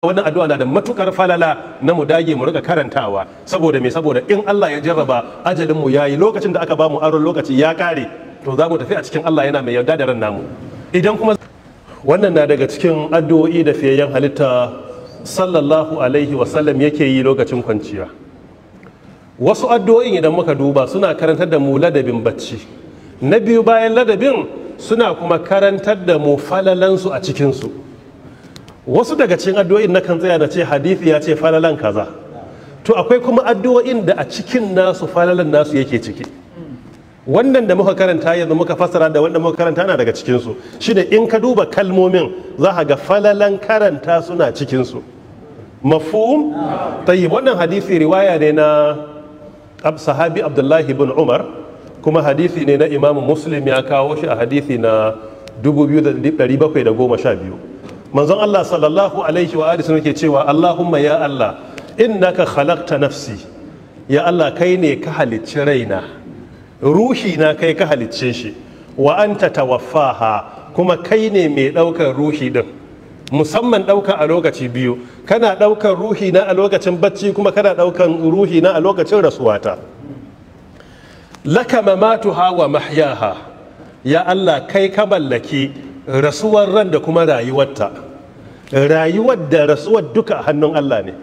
wannan addu'a na da matukar falala na mu dage mu rika karantawa saboda me saboda in Allah ya jarraba ajalin mu yayi lokacin da aka ba mu aron lokaci ya kare to za mu tafi a cikin Allah yana mai yarda da ran namu idan kuma wannan na daga cikin addu'o'i da fiyayyen halitta sallallahu alaihi wa sallam yake yi lokacin kwanciya wasu addu'o'in idan muka duba suna karantar da mu ladabin bacci na biyu bayan ladabin suna kuma karantar da mu falalansu a cikinsu wasu daga cikin addu'o'in na kan tsaya da ce hadithi ya ce falalan kaza to akwai kuma addu'o'in da a cikin nasu falalan nasu yake ciki wannan da muka karanta yanzu muka fassara da wanda muka karanta na daga cikinsu shi shine in ka duba kalmomin za ka ga falalan karanta suna cikinsu mafhum tayyib wannan hadisi riwaya ne na sahabi abdullahi bin umar kuma hadisi ne na imamu muslim ya kawo shi a hadisi na 2712 manzon Allah sallallahu alaihi wa alihi yake cewa Allahumma ya Allah innaka khalaqta nafsi ya Allah kai ne ka halicci raina ruhi na kai ka halicce shi wa anta tawaffaha kuma kai ne mai daukar ruhi din musamman dauka a lokaci biyu kana daukar ruhi na a lokacin bacci kuma kana daukan ruhi na a lokacin rasuwata laka mamatuha wa mahyaha ya Allah kai ka mallaki rasuwar ran da kuma rayuwarta rayuwar da rasuwar duka a hannun Allah ne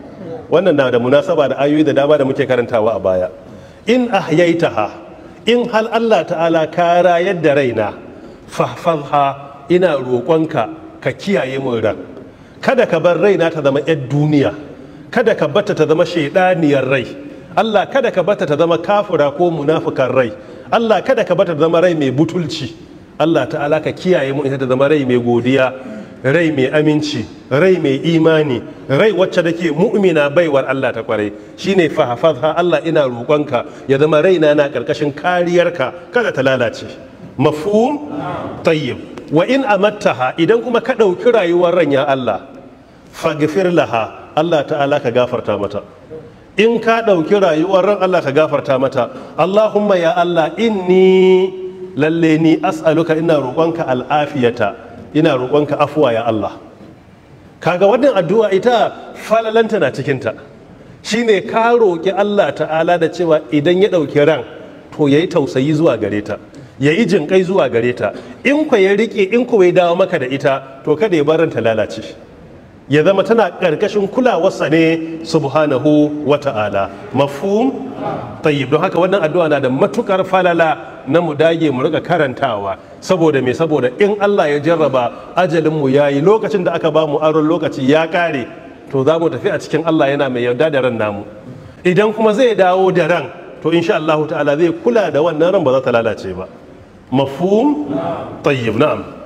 wannan na da munasaba da ayoyi da dama da muke karantawa a baya in ahyaitaha in hal Allah ta'ala ka rayar da raina fahfalha ina roƙonka ka kiyaye mun ran kada ka bar raina ta zama yar duniya kada ka bata ta zama shaidaniyar rai Allah kada ka bata ta zama kafura ko munafukan rai Allah kada ka bata ta zama rai mai butulci Allah ta'ala ka kiyaye mu ita ta zama rai mai godiya rai mai aminci rai mai imani rai wacce ke mu'mina baiwar Allah ta kwarai shine fahafadha Allah ina roƙonka ya zama raina na ƙarƙashin kariyarka kada ta lalace mafhum tayyib wa in amattaha idan kuma ka ɗauki rayuwar ran ya Allah faghfir laha Allah ta'ala ka gafarta mata in ka ɗauki rayuwar ran Allah ka gafarta mata Allahumma ya Allah inni lalle ni as'aluka ina roƙonka al'afiyata ina roƙonka afuwa ya Allah kaga wannan addu'a ita falalanta na cikinta shine ka roƙi Allah ta'ala da cewa idan ya ɗauki ran to ya tausayi zuwa gare ta ya yi jinƙai zuwa gare ta in kwa ya riƙe in kwa ya dawo maka da ita to kada ya bar ranta lalace ya zama tana ƙarƙashin kulawarsa ne subhanahu wa ta'ala mafhum tayyib don haka wannan addu'a na da matukar falala na mu dage mu rika karantawa saboda me saboda in Allah ya jarraba ajalinmu ya yi lokacin da aka ba mu aron lokaci ya kare to za mu tafi a cikin Allah yana mai yarda da ran namu idan kuma zai dawo da ran to insha Allah ta'ala zai kula da wannan ran ba za ta lalace ba mafhum tayyib na'am